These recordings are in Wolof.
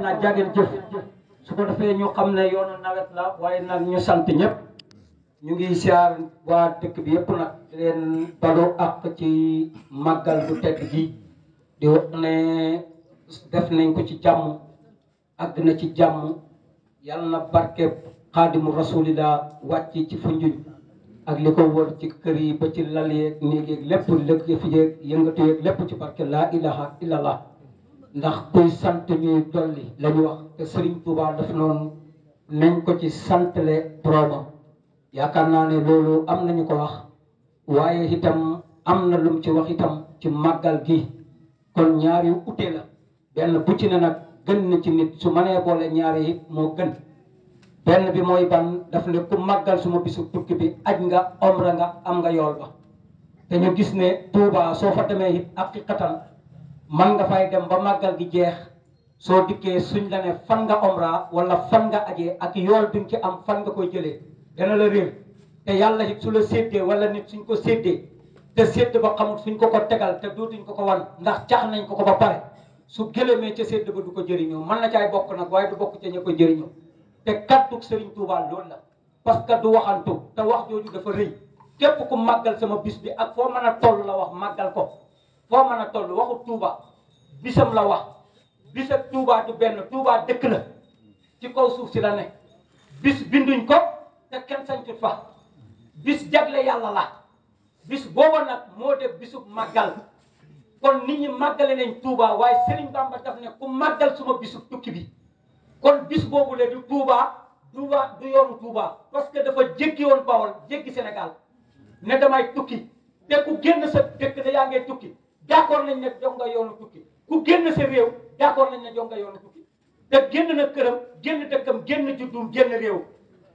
naa jàngeen jëf su ko defee ñu xam ne yoonu nawet la waaye nag ñu sant ñëpp ñu ngi siyaar waa dëkk bi yëpp nag di leen balu ak ci màggal bu tedd gi di wax ne def nañ ko ci jàmm àgg na ci jàmm yàlla na barkeb xaadimu rasulillah wàcc ci funjuñ ak li ko wër ci kër ba ci lal yeeg néeg lépp lëg yëf yeeg yëngatu yeeg lépp ci barke laa ilaha illallah ndax kuy sant ñuy dolli la ñu wax te Serigne Touba daf nañ ko ci santale boroomam yaakaar naa ne loolu am nañu ko wax waaye itam am na lum ci wax itam ci màggal gi kon ñaar yu ute la benn bu ci ne nag gën na ci nit su mënee boole ñaar yi moo gën benn bi mooy ban daf ne ku màggal suma bisu tukki bi aj nga omra nga am nga yool ba te gis ne Touba soo fa demee it ak xikatan man nga fay dem ba magal gi jeex so dikke suñ la ne fan nga omra wala fan nga aje ak yool duñ ci am fan nga koy jëlee dana la réer te yalla it su la séddee wala nit suñ ko te sédd ba xamul suñ ko ko tegal te dootuñ ko ko wan ndax tax nañ ko ko ba pare su me ci sédd ba du ko jëriñoo man na caay bokk nak way du bokk ci ñako te kaddu Serigne Touba lool la parce que du waxantu te wax joju dafa rëy kep ku magal sama bis bi ak foo meuna toll la wax magal ko fo meuna toll waxu Touba bisam la wax bisam Touba du benn Touba dëkk la ci kaw suuf si la ne bis binduñ ko te kenn sañcut fa bis jagle yàlla la bis booba nag moo de bisub màggal kon nit ñi màggale nañ Touba waaye Serigne Bamba daf ne ku màggal suma bisub tukki bi kon bis boobu le du Touba Touba du yoonu Touba parce que dafa jéggi woon Bawol jéggi Sénégal ne damay tukki te ku génn sa dëkk ne yaa ngay tukki d'accord nañ ne dog nga yoonu tukki ku génn sa réew d'accord nañ ne jox nga yoon yoonu tukki te génn na këram génn dëkkam génn juddum génn réew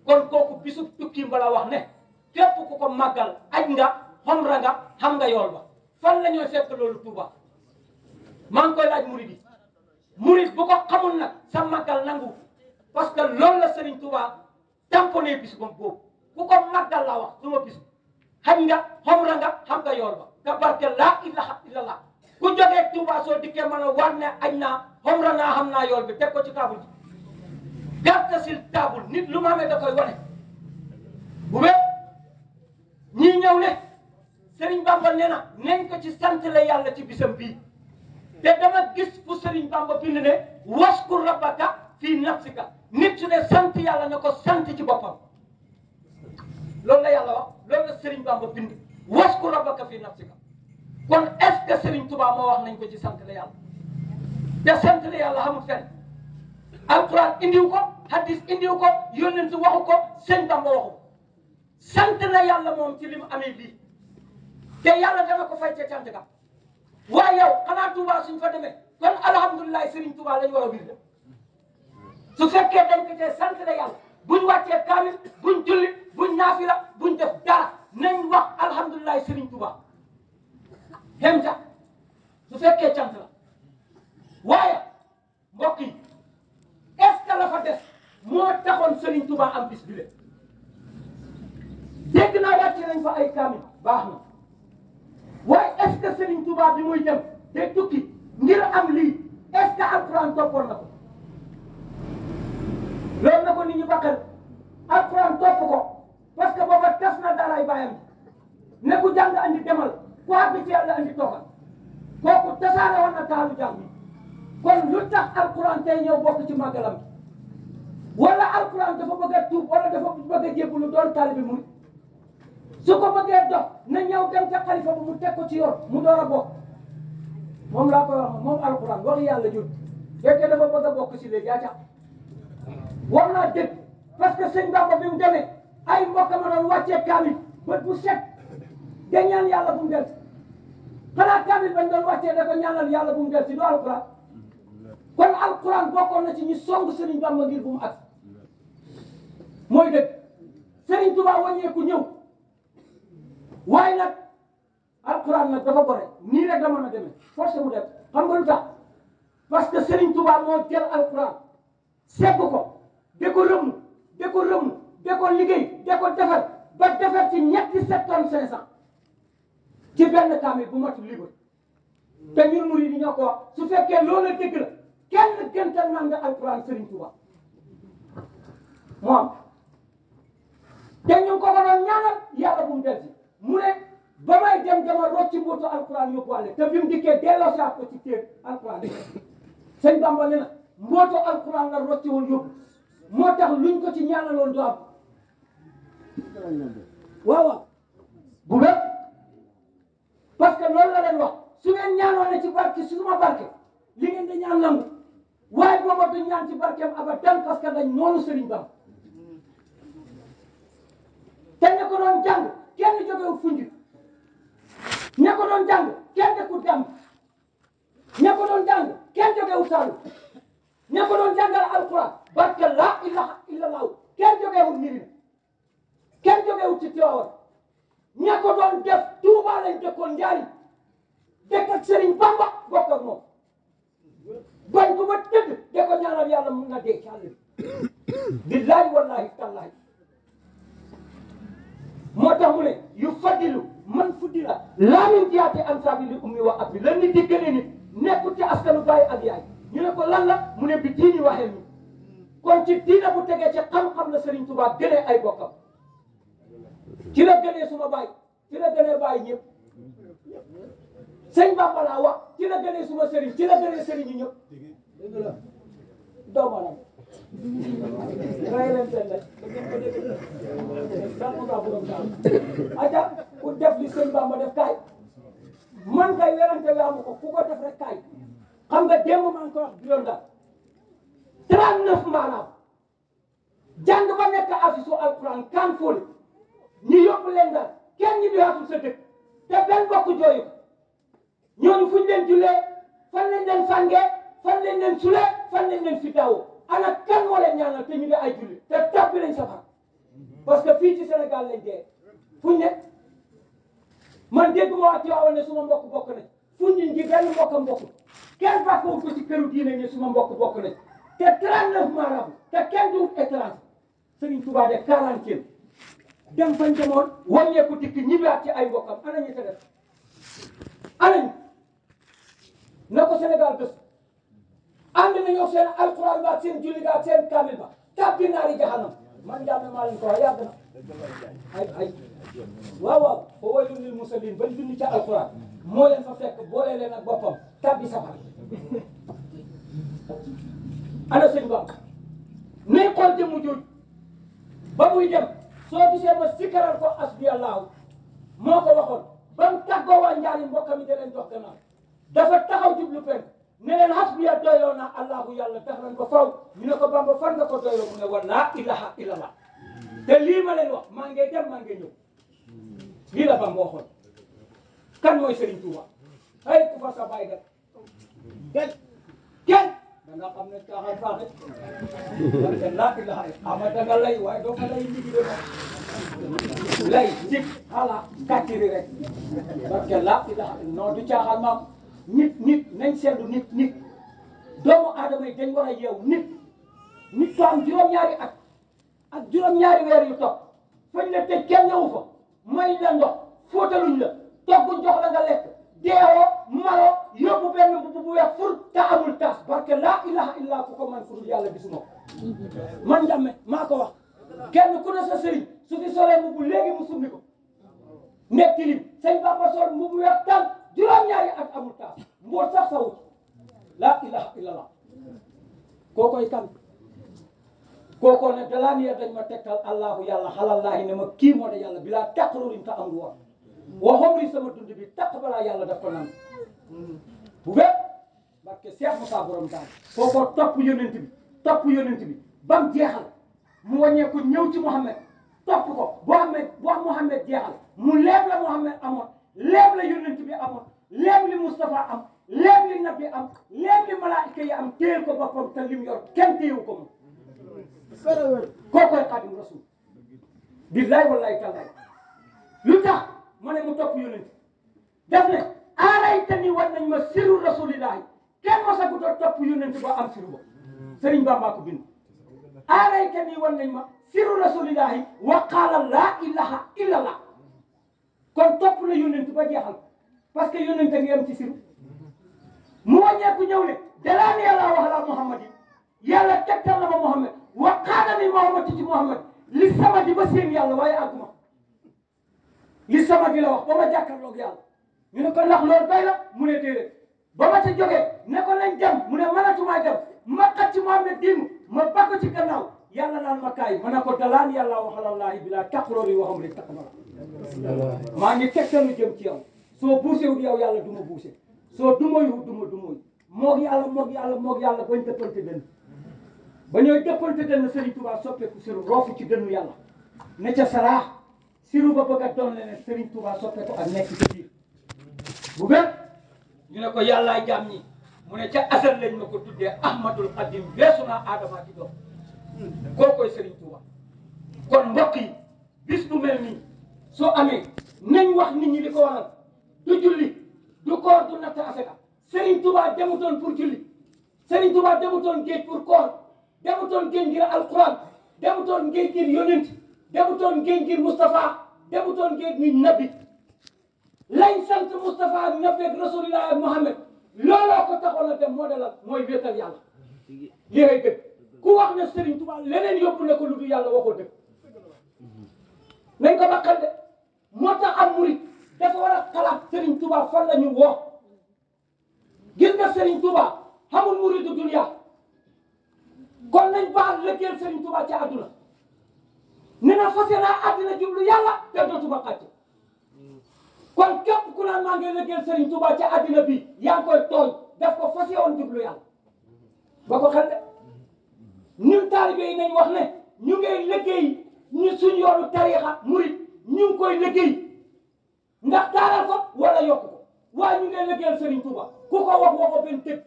kon kooku bisub tukki mbala wax ne képp ku ko màggal aj nga xomra nga xam nga yoon ba fan la ñoo fekk loolu Touba maa ngi koy laaj murid yi murid bu ko xamul nag sa màggal nangu parce que loolu la Serigne Touba tamponné bis bam boobu ku ko màggal laa wax du ma bis xaj nga xomra nga xam nga yoon ba nga barke laa ilaha illallah ku jógee Touba soo dikkee mën a war ne añ naa xomra naa xam naa yool bi teg ko ci taabul ji gerte si taabul nit lu ma amee da koy wane bu wér ñii ñëw ne Serigne Bamba nee na nañ ko ci sant la yàlla ci bisam bii te dama gis fu Serigne Bamba bind ne waskur rabbaka fii nafsika nit su ne sant yàlla na ko sant ci boppam loolu la yàlla wax loolu la Serigne Bamba bind waskur rabbaka fii nafsika kon est-ce que Serigne Touba moo wax nañ ko ci sant la yàlla te sant la yàlla xamul fenn alquran indiw ko hadis indiw ko si waxu ko sëñ Bamba waxu sant na yàlla moom ci li mu amee lii te yàlla ko fay ca cant ga waaye yow xanaa Touba suñ fa demee kon alhamdulilah Serigne Touba lañ war a bind su fekkee dañ ko tee sant la yàlla buñ wàccee kaamil buñ julli buñ naafila buñ def dara nañ wax alhamdulilah Serigne Touba. dem ca su fekke tiant la waya mbok yi est ce que la fa des mo taxone Serigne Touba am bis le deg na wacc nañ fa ay kaamil baax na est ce Serigne Touba bi muy dem te tukki ngir am li est ce que alquran toppoon na ko loolu nit ñu baqal alquran top ko parce que booba tas na ay bayam ne ku jang andi demal. poids bi ci yàlla indi toogal kooku tasaare woon na taalu jàmm kon lu tax alquran tey ñëw bokk ci màggalam wala alquran dafa bëgg a tuub wala dafa bëgg a jébbalu doon taalibi mu su ko bëggee dox na ñëw dem ca xalifa mu teg ci yoon mu door a bokk moom laa yàlla jur fekkee a bokk si léegi yaa ca war naa dégg parce que sëñ Bamba bi ay mbokk ma doon wàccee kaamil bët bu set. te ñaan yàlla bu mu del xanaa kaamil bañ doon wàccee ne ñaanal yàlla bu mu del si du alquran kon alquran bokkoon na ci ñu song Serigne Bamba ngir bu mu ak mooy dëgg Serigne Touba wàññeeku ñëw waaye nag alquran nag dafa gore rek la mën a demee force mu def xam nga lu tax parce que Serigne Touba moo jël alquran segg ko de ko rëmm de ko rëmm de ko liggéey de ko ba defar ci ñetti sept tonnes ci benn kaamil bu matul libre te ñun murid yi ko wax su fekkee loolu dëgg la kenn gëntal naa nga alquran Serigne Touba moom te ñu ko doon ñaanal yàlla bu mu delsi mu ne ba may dem dama rocci mbootu alquran yóbbuwaale te bi mu dikkee delloosaat ko ci téer alquran sëñ Bamba ne na mbootu alquran la rocci woon yóbbu moo tax luñ ko ci ñaanaloon du am waaw waaw bu wér parce que loolu la leen wax su ngeen ñaanoo ci barke su ma barke li ngeen ñaan nangu waaye booba ñaan ci barkeem abadan parce que dañ noonu Serigne Ba te ña doon jàng kenn jógewu funju ña doon jàng kenn dëkku dam ña doon jàng kenn jógewu barke laa ilaha illallah kenn jógewu nirin kenn jógewu ci Tiwaawan ña ko doon def Tuuba lañ dëkkoon njaay dëkk ak Serigne Bamba bokk ak bañ ko ba tëdd de ko ñaanal yàlla na dee ci àll bi billahi wallahi tallahi moo tax mu ne yu fadilu man fuddila laa min jiyaati ansaabi li ummi wa abi lan ni diggale ni nekkul ci askanu bàyyi ak yaay ñu ne ko lan la mu ne bi diini waxee mi kon ci diina bu tegee ci xam-xam la Serigne Touba gënee ay bokkam ci la gënee suma baay ci la gënee baay ñëpp sëñ Bamba laa wax ci la gënee suma sëriñ ci la gënee sëriñ yi ñëpp doomaram rayleen seen damuga borom da aca ku def li sëñ ma def kaay man kay werante waamu ko ku ko def rek kaay xam nga démb maa ngi ko wax juróom daal trente neuf maanaam jàng ba nekk afisu alquran kan fóoli ñu yóbbu leen daal kenn ñi biwaatul sa dëkk te benn bokk jooyu ñooñu fu ñu leen jullee fan lañ leen sàngee fan leen sulee fan lañ leen fitaawo ana kan moo leen ñaanal te ñu di ay julli te tàbbi lañ safar parce que fii ci Sénégal lañ dee fu ñu ne man dégg ma wax Tiwaawan ne suma mbokk bokk nañ fu ñu ji benn mbokk mbokk kenn fàkkawul ko ci këru diine ne suma mbokk bokk nañ te 39 marabout te kenn du étranger Serigne Touba de dem fañ ku wàññeeku dikk ñibbaat ci ay mbokkam ana ñu Sénégal ana ñu na ko Sénégal bés ànd nañoo seen alquran ba ak seen julli ba ak seen kaamil ba tàbbi naari jahanam man jàmm maa leen ko wax na ay ay waaw waaw fa waylun lil musallin bañ bind ca alquran moo leen fa fekk boole leen ak boppam tàbbi safara ana sëñ ba nay xool jëmu juuj ba muy dem soo gisee ba sikkaral ko asbi allahu moo ko waxoon ba mu tàggoo waa njaari mbokkam yi da leen jox gannaaw dafa taxaw jublu ne leen hasbiya doyloo na allahu yàlla tax nañ ko faw ñu ne ko bamba fan nga ko doyloo mu ne wala ilaha illallah te lii ma leen wax maa ngi dem maa ngi ñëw lii la bamba waxoon kan mooy Serigne Touba ay ku fa sa bàyyi def danga xam ne caaxaan baaxee. parce que laa ilaaha ama danga lay waaye doo lay liggéey lay jik xala kàcciri rek parce que laa du caaxaan maam nit nit nañ seetlu nit nit doomu aadama yi dañ war nit nit ko am juróom-ñaari at ak juróom-ñaari weer yu topp fañ la tëj kenn ñëwu fa may la ndox fóotaluñ la togg jox la nga lekk deewoo maroo yóbbu benn mbubb bu wex fur te amul taas barke la ilaha illa ku ko man ku yalla yàlla man jamme mako wax kenn ku ne sa sëriñ su fi mu bu legi mu summi ko nekk tilim sëñ Bamba sol bu wex tan juroom ñaari ak amul tas mboot sax sa wut laa ilaha illallah kookoy kan kookoo ne dalaa niye dañ ma allah yalla halal xalallaahi ne ma ki mo de yalla bila taqarurin ta amul woon waxoon sama dund bi taq yalla ya daf ko nan bu wépp barke Seex Musaa borom daal foofoo topp yonent bi topp yonent bi bam jeexal mu wàññee ku ñëw ci Muhammad topp ko boo xam ne wax mu leeb la Muhammad amoon leeb la yonent bi amoon leeb li Moustapha am leeb li nabi am leeb li malaayika yi am téyel ko boppam te lim yor kenn téyewu ko moom kookoy xaadim rasul billaay wallaay tallaay lu tax ma ne mu topp yonent def ne aaray tamit war nañ ma siru rasulillahi kenn ma sagu doon topp yonent ba am siru ba Sëriñ Bamba ko bind aaray tamit war nañ ma siru rasulillahi wa qaala laa ilaha illa allah kon topp la yonent ba jeexal parce que yonent ngi am ci siru mu wàññeeku ñëw ne dalaan yàlla wax laa Muhammad yi yàlla tegtal la ma Muhammad wa qaala ni Muhammad ci Muhammad li sama di ba seen yàlla waaye àgguma li sama di la wax ba ma jàkkaarloog yàlla ñu ne ko ndax loolu doy la mu ne ba ma ca jógee ne ko nañ dem mu ne mënatumaa dem ma xat ci Mohamed Diimu ma bakk ci gannaaw yàlla naan ma kaay ma ne ko laa yàlla a bilaa taqroor yi waxam rek taqma maa ngi tegtalu jëm ci yow soo buusewul yow yàlla du ma buuse soo dumoyu du ma dumoy moog yàlla moog yàlla moog yàlla bañ dëppante dënn ba ñooy dëppante dënn Sëriñ Tuubaa soppeeku siru roofu ci dënnu yàlla ne ca saraax siru ba bëgg a doon leneen Sëriñ Tuubaa soppeeku bu wér ñu ne ko yàllaay jàmm ñi mu ne ca asal lañ ma ko tuddee ahmadul xadim weesu naa aadama ci doom koo koy sëriñ Tuuba kon mbokk yi bis bu mel nii soo amee nañ wax nit ñi di ko waral du julli du koor du natt asaka sëriñ Tuuba demutoon pour julli sëriñ Tuuba demutoon géej pour koor demutoon géej ngir alquran demutoon géej ngir yonent demutoon géej ngir Moustapha demutoon géej ngir nabi lañ sant Moustapha ak Nabi ak looloo ko taxoon a dem moo de la mooy wéetal yàlla lii ay dëgg wax ne Serigne Touba leneen yóbbu na ko lu dul yàlla waxoo dëgg nañ ko baqal de moo tax am murit dafa war a xalaat Serigne Touba fan la ñu woo gis nga Serigne Touba xamul muritu dunya kon nañ baal lëkkeel Serigne Touba ci àdduna ne fase naa àddina jublu yàlla te dootuma xàcc kon képp ku naan maa ngi liggéeyal Serigne Touba ci àddina bi yaa ngi koy daf ko fas yoon jublu yàlla ba ko xam ne ñun taalibe wax ne ñu ngay liggéey ñu suñ yoonu tariixa murit ñu koy liggéey ndax taaral ko wala yokk ko waaye ñu ngay liggéeyal Serigne ku ko wax waxoo benn tëb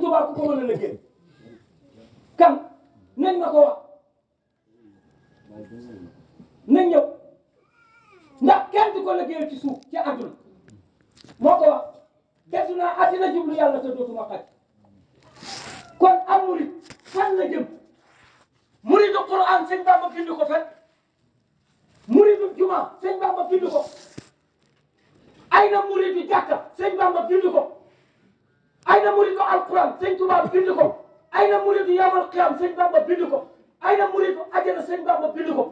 ku ko mën a liggéey kan nañ ma ko wax ndax kenn du ko liggéeyal ci suuf ci àdduna moo ko wax desu naa àddina jublu yàlla te dootuma xaj kon am murit fan la jëm muridu Qur'an sëñ Bamba bind ko fen muridu juma sëñ ko ay na muridu jàkka sëñ Bamba bind ko ay na muridu alquran sëñ Tuubaa bind ko ay na muridu yawmal qiyaam sëñ Bamba bind ko ay na muridu ajana sëñ Bamba bind ko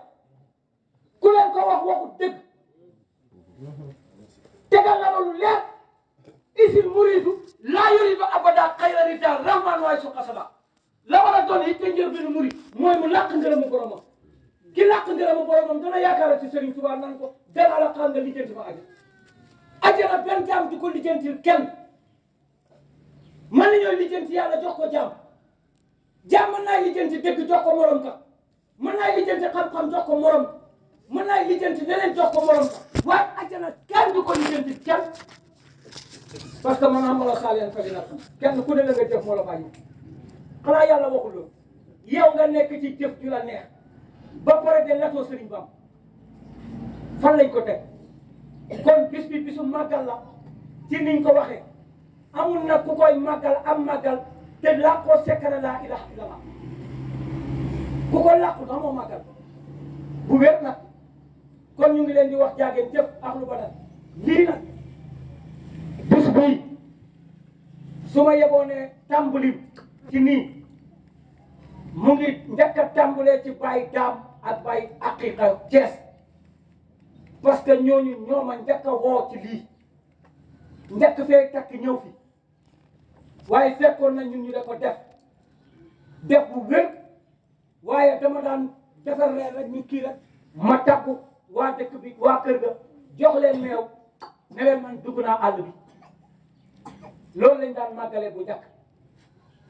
ku leen ko wax dëgg tegal na loolu leer isil muridu laa yuridu abada xayra ridaal rahman waay su xasaba la war a doon it te njëlbeenu murid mooy mu làq ngërëmu boromam ki làq ngërëmu boromam dana yaakaar ci Serigne Touba nan ko benn ala xam nga lijjanti fa àjjana àjjana benn jaam di ko lijjantil kenn mën nañoo lijjanti yàlla jox ko jaam jaam mën naa lijjanti dëgg jox ko morom ka mën naa lijjanti xam-xam jox morom mën naa lijjanti leneen jox ko morom waaye àjjana kenn ko lijjanti kenn parce que man amuloo xaalis fa dina kenn ku ne la nga jëf moo la bàyyi xanaa yàlla waxul yow nga nekk ci jëf ju la neex ba pare de natoo sëriñ Bam fan lañ ko teg kon bis bi bisu màggal la ci niñ ko waxee amul nag ku koy màggal am màggal te làqoo sekkare laa ilaha illallah ku ko làqu damoo màggal bu nag kon ñu ngi leen di wax jaageen jëf ak lu badal lii na bés bii su ma yeboo ne tàmbali ci nii mu ngi njëkk a ci bàyyi daam ak bàyyi aqiqa Cees parce que ñooñu ñoo ma njëkk a woo ci lii njëkk fee takk ñëw waaye fekkoon na ñun ñu da def def bu wér waaye dama daan defaree rek ñu kii rek ma tàggu waa dëkk bi waa kër ga jox leen meew ne leen man dugg naa àll bi loolu lañ daan màggalee bu jàkk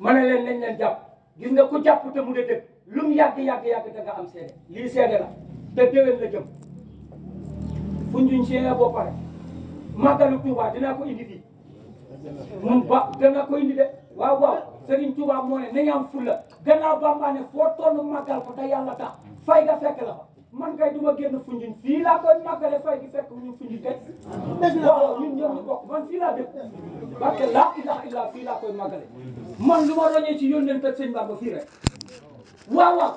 ma ne leen nañ leen jàpp gis nga ku jàpp te mu de dëkk lu mu yàgg yàgg yàgg am seede lii seede la te déwén la jëm fu ñu seede boo pare màggalu Tuubaa dinaa ko indi fii mun ba danaa ko indi de waaw waaw Serigne moo ne nañu am fulla gannaaw Bamba ne foo toll màggal ko te yàlla tax fay nga fekk la fa man kay duma génn Foundiougne fii laa koy màggale fay gi fekk ñu Foundiougne teg waaw ñun ñëpp ñu bokk man fii laa dëkk parce laa ilaha fii laa koy màggale man lu ma roñee ci yónneen teg sëñ Bamba fii rek waaw waaw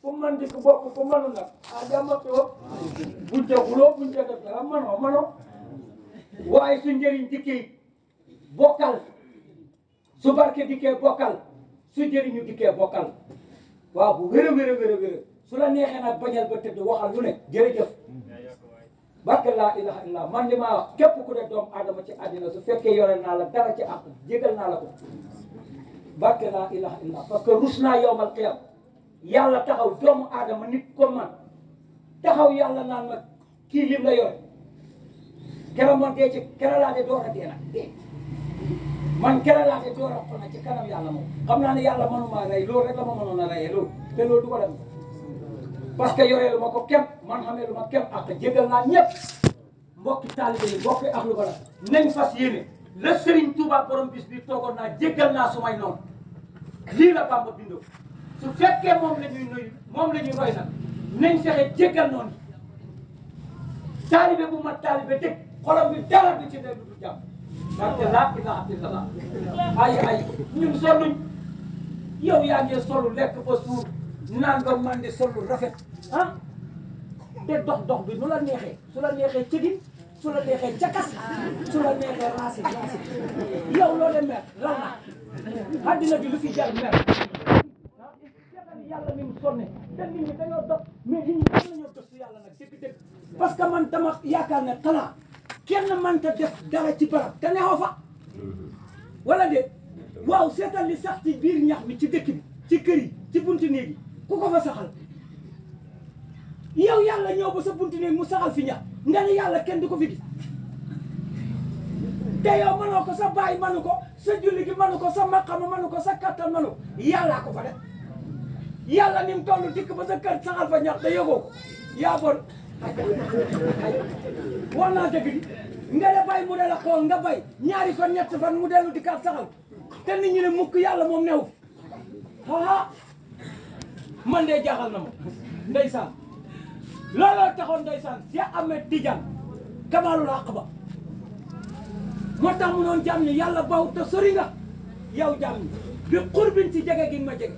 fu man di ko bokk fu manu nag a ah, jàmbatoo buñ ca xuloo buñ ca def dara manoo manoo waaye su njëriñ dikkee bokkal su barke dikkee bokkal su njëriñu dikkee bokkal waaw bu wér a wér a sula la neexee nag bañal ba tëdd waxal lu ne jërëjëf barke la ilaha illa man dama maa wax képp ku def doomu adama ci adina su fekke yore na la dara ci ak jegal na la ko barke la ilaha illa parce que rusna naa yowmal qiyam yalla taxaw doomu adama nit ko man taxaw yalla naan ma ki lim la yore kera man dee ci kera la de do a dee man kera la de do a xona ci kanam yalla mo xamna ni yalla manuma ray lo rek la ma mënoon ray lo te lo du ko dem parce que yorelu ma ko képp man xamee lu ma képp ak jégal naa ñëpp mbokki taalibe yi mbokki ak lu bala naa jégal naa sumay noonu lii la Bamba bindoo su fekkee moom la ñuy moom la ñuy roy nag nañ fexe noonu taalibe bu mat taalibe dëgg xolam bi dara du ci nekk du jàmm ndaxte laa ilaaha illallaah ay ay ñun sonnuñ yow yaa ngi solu lekk ba suur nangam man di sol lu rafet ah te dox dox bi nu la neexee su la neexee cëgin su la neexee cakas su la neexee raasi raasi yow loo leen mer lan bi lu fi jar mer yàlla mi mu sonne te nit ñi dañoo dox mais nit ñi dañ nañoo dox si parce que man dama yaakaar ne xanaa kenn mënta def dara ci barab te neexoo fa wala de waaw seetal li sax ci biir ñax mi ci dëkk ci kër yi ci bunti néeg yi ku ko fa saxal yow yàlla ñëw ba sa buntu mu saxal fi ñax nga yàlla kenn du ko fi gis te yow mënoo ko sa baay mënu ko sa julli gi mënu ko sa maqama mënu ko sa kattan mënu ko yàllaa ko fa def yàlla ni mu dikk ba sa kër saxal fa ñax te yëgoo ko yaa bon war naa dëgg di bay mu de la xool nga bay ñaari fan ñett fan mu dellu dikkaat saxal te nit ñi ne mukk yàlla moom new fi man de jaaxal na ma ndeysaan looloo taxoon ndeysaan Cheikh Ahmed Tidiane kamaalul àq ba moo tax mu noon jàmm ni yàlla ba te sori nga yow jàmm ni bi xurbin ci jege gin ma jege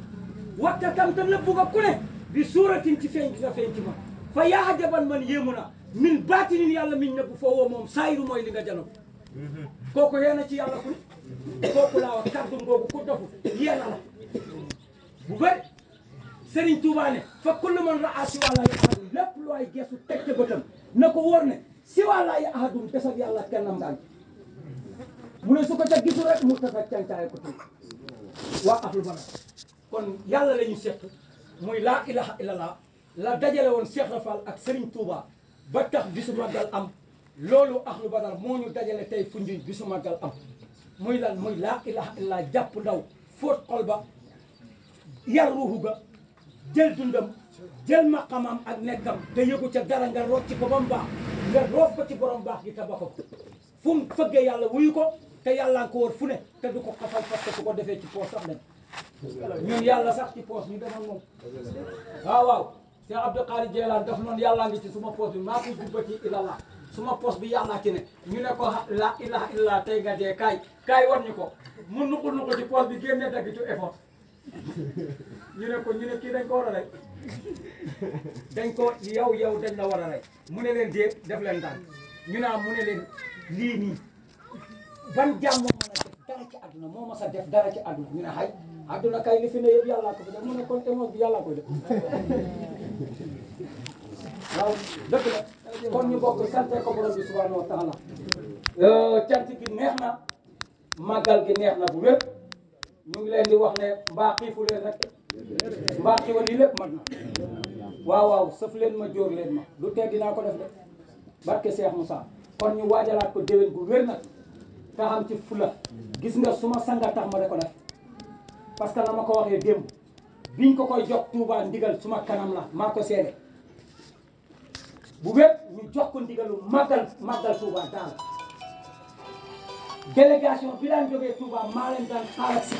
waxta tam ta nëbbu nga ku ne bi suuratin ci feeñ gi nga feeñ ci ma fa yaa ajaban man yéemu naa min baatinin yàlla miñ nëbbu foo woo moom saayiru mooy li nga janob kooku yeena ci yàlla ku ne kooku laa wax kàddu googu ku dofu yeena la bu Serigne Touba ne fa kullu man raa si wàllaay ahadum lépp looy geesu teg ca bëtam na ko wóor ne si wàllaay ahadum desag yàlla kennam na mu ne su ko ca gisul rek mu ko tuub waa ahlu bana kon yàlla la ñu seq muy laa ilaha illallah la dajale woon Cheikh Rafal ak Serigne Touba ba tax bisu màggal am loolu ahlu badar moo ñu dajale tey funjuñ bisu màggal am mooy lan muy laa ilaha illallah jàpp ndaw fóot xol ba yar ruuxu jël dundam jël maqamam ak nekkam te yëgu ca dara nga rocc ko ba mu baax nga roof ko ci borom baax gi te ba ko fu fëggee yàlla wuyu ko te yàlla ko wër fu ne te du ko xafal parce que su ko defee ci poos sax dem ñun yàlla sax ci poos ñu demoon moom waaw waaw Cheikh Abdou Khari Jeelaan daf noonu yàllaa ngi ci suma poos bi maa ko jubba ci ilala suma poos bi yàllaa ci ne ñu ne ko la ilaha illa tey nga dee kaay war wan ñu ko mun nuqul nuqul ci poos bi génne dagg ci ñu ne ko ñu ne kii dañ ko war a rey dañ ko yow yow dañ la war a rey mu ne leen déet def leen daan ñu naa mu ne leen lii nii ban jàmm moo mën a def dara ci àdduna moo mas a def dara ci àdduna ñu ne xay àdduna kay li fi ne yëpp yàllaa ko fi def mu ne kon bi yàllaa koy def waaw dëgg la kon ñu bokk ko borom bi subhanahu wa taala euh, cant gi neex na gi neex na bu wér ñu ngi leen di wax ne mbaa xiifu leen rek mbaa xiwal yi lépp mat na waaw waaw sëf ma jóor leen ma du tee dinaa ko def de barke Cheikh Moussa kon ñu waajalaat ko déwén bu wér nag te am ci fula gis nga su ma sanga tax ma da ko def parce que la ma ko waxee démb biñ ko koy jox Touba ndigal suma kanam la maa ko seede bu wér ñu jox ko ndigalu màggal màggal Touba daal délégation bi daan jógee Touba maa leen daan xaar ak si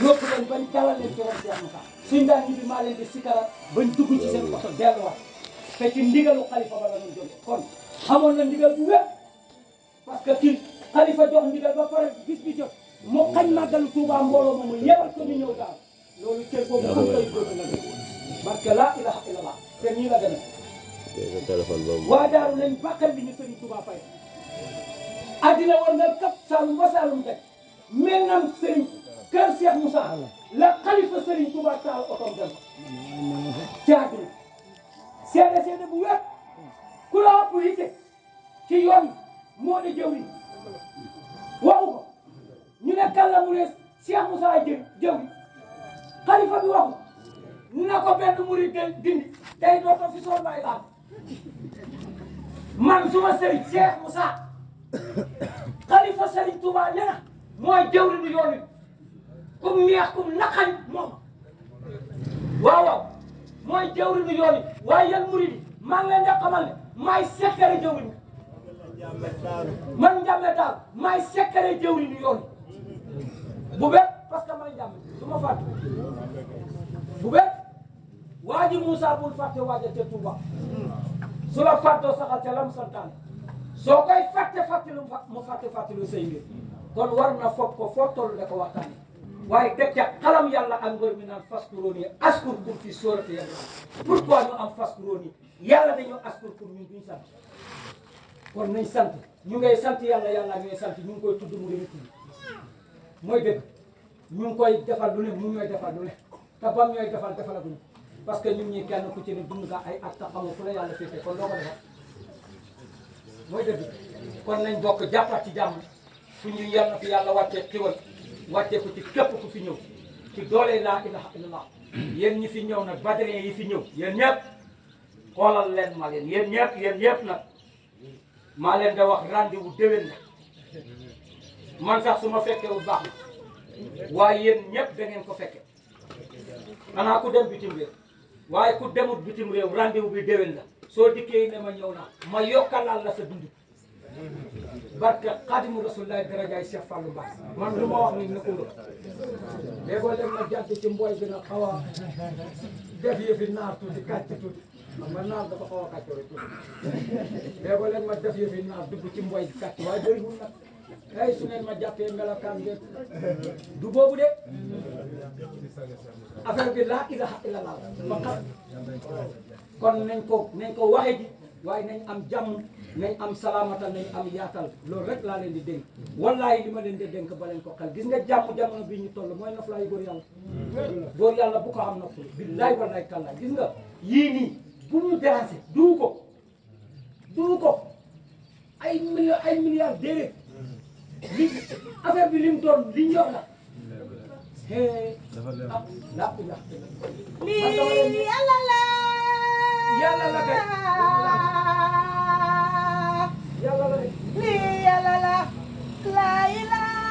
yóbbu leen ban dalal leen ci rajo Cheikh Moussa suñ daan ñibbi di sikara bañ dugg ci te ci ba la ñu kon xamoon na ndigal bu wér parce que kii xalifa jox ndigal ba pare bis bi jot mu xañ màggalu Touba mbooloo moomu yebal ko ñu ñëw daal loolu cër boobu xam koy jóge na parce que laa ilaha illallah te nii la téléphone bi ñu Touba fay war nga kap maintenant Serigne kër Cheikh Moussa la xalifa Serigne Touba taal otom a jaadu na seede seede bu wér ku la ëpp yitte ci yoon moo di jëwriñ waxu ñu ne kàlla mu ne Cheikh Moussa jë jëwriñ xalifa bi waxu na ko benn murid dindi tey dootoo fi soor bay laal man suma Serigne Cheikh Moussa xalifa Serigne Touba nee na mooy jëwriñu yoon wi kum neex kum naqañ moom waaw waaw mooy jëwriñu yoon wi waaye yan murid yi maa ngi leen di xamal ne maay sekkare jëwriñ man njàmme maay sekkare jëwriñu yoon wi bu bet parce que man ma fàtte bu bet waa ji Moussa bul fàtte waaja ca Touba su la fàttoo saxal ca lam santaane soo koy fàtte fàtte mu fàtte fàtte lu sëy kon war na foog ko foo toll da ko waxtaane waaye teg ca xalam yàlla ak ngor mi naan faskurooni askur pour fi sóorate yàlla pourquoi ñu am faskurooni yàlla dañoo askur pour ñun duñ sant kon nañ sant ñu ngay sant yàlla yàlla ngay sant ñu ngi koy tudd mu dina tudd mooy dëgg ñu ngi koy defal lu ne mu ñooy defal lu ne te bam ñooy defal defalaguñu parce que ñun ñi kenn ku ci ne dund nga ay at ta xamoo fu la yàlla féete kon doo ko defal mooy dëgg kon nañ bokk jàppat ci jàmm fu ñu yàlla fi yàlla wàccee xiwal wàccee ko ci képp ku fi ñëw ci doole laa ilaha illallah yéen ñi fi ñëw nag badrin yi fi ñëw yéen ñëpp xoolal leen ma leen yéen ñëpp yéen ñëpp nag maa leen da wax rendez-vous déwén la man sax su ma fekkee wu baax na waaye yéen ñëpp da ko fekke xanaa ku dem bitim réew waaye ku demut bitim réew rendez-vous bi déwén la soo dikkee ne ma ñëw naa ma yokkalaal la sa dund barke xaadimu rasulilah darajaay Cheikh Fallou Mbacké man lu ma wax ni na ko wër léegoo leen ma jàdd ci mbooy na xaw a def naar tuuti kàcc tuuti xam naar dafa xaw a kàcc rek tuuti léegoo leen ma def yëfi naar dugg ci mbooy waaye bëriwul nag ay su ngeen ma jàppee melokaan ngeen du boobu de affaire bi laa ilaha illallah ma xam kon nañ ko nañ ko waye nañ am jam, nañ am salaamatal nañ am yaatal loret rek la leen di dénk wallahi li ma leen di dénk ba leen ko xal gis nga jam jamono ñu toll yalla yalla bu ko am noflu billahi wallahi kala gis nga yi ni bu ñu déranger du ko du ko ay million ay milliards déedéet li affaire bi li mu la ah, la la yàlla la kay yàlla la lii yàlla la laa ilaa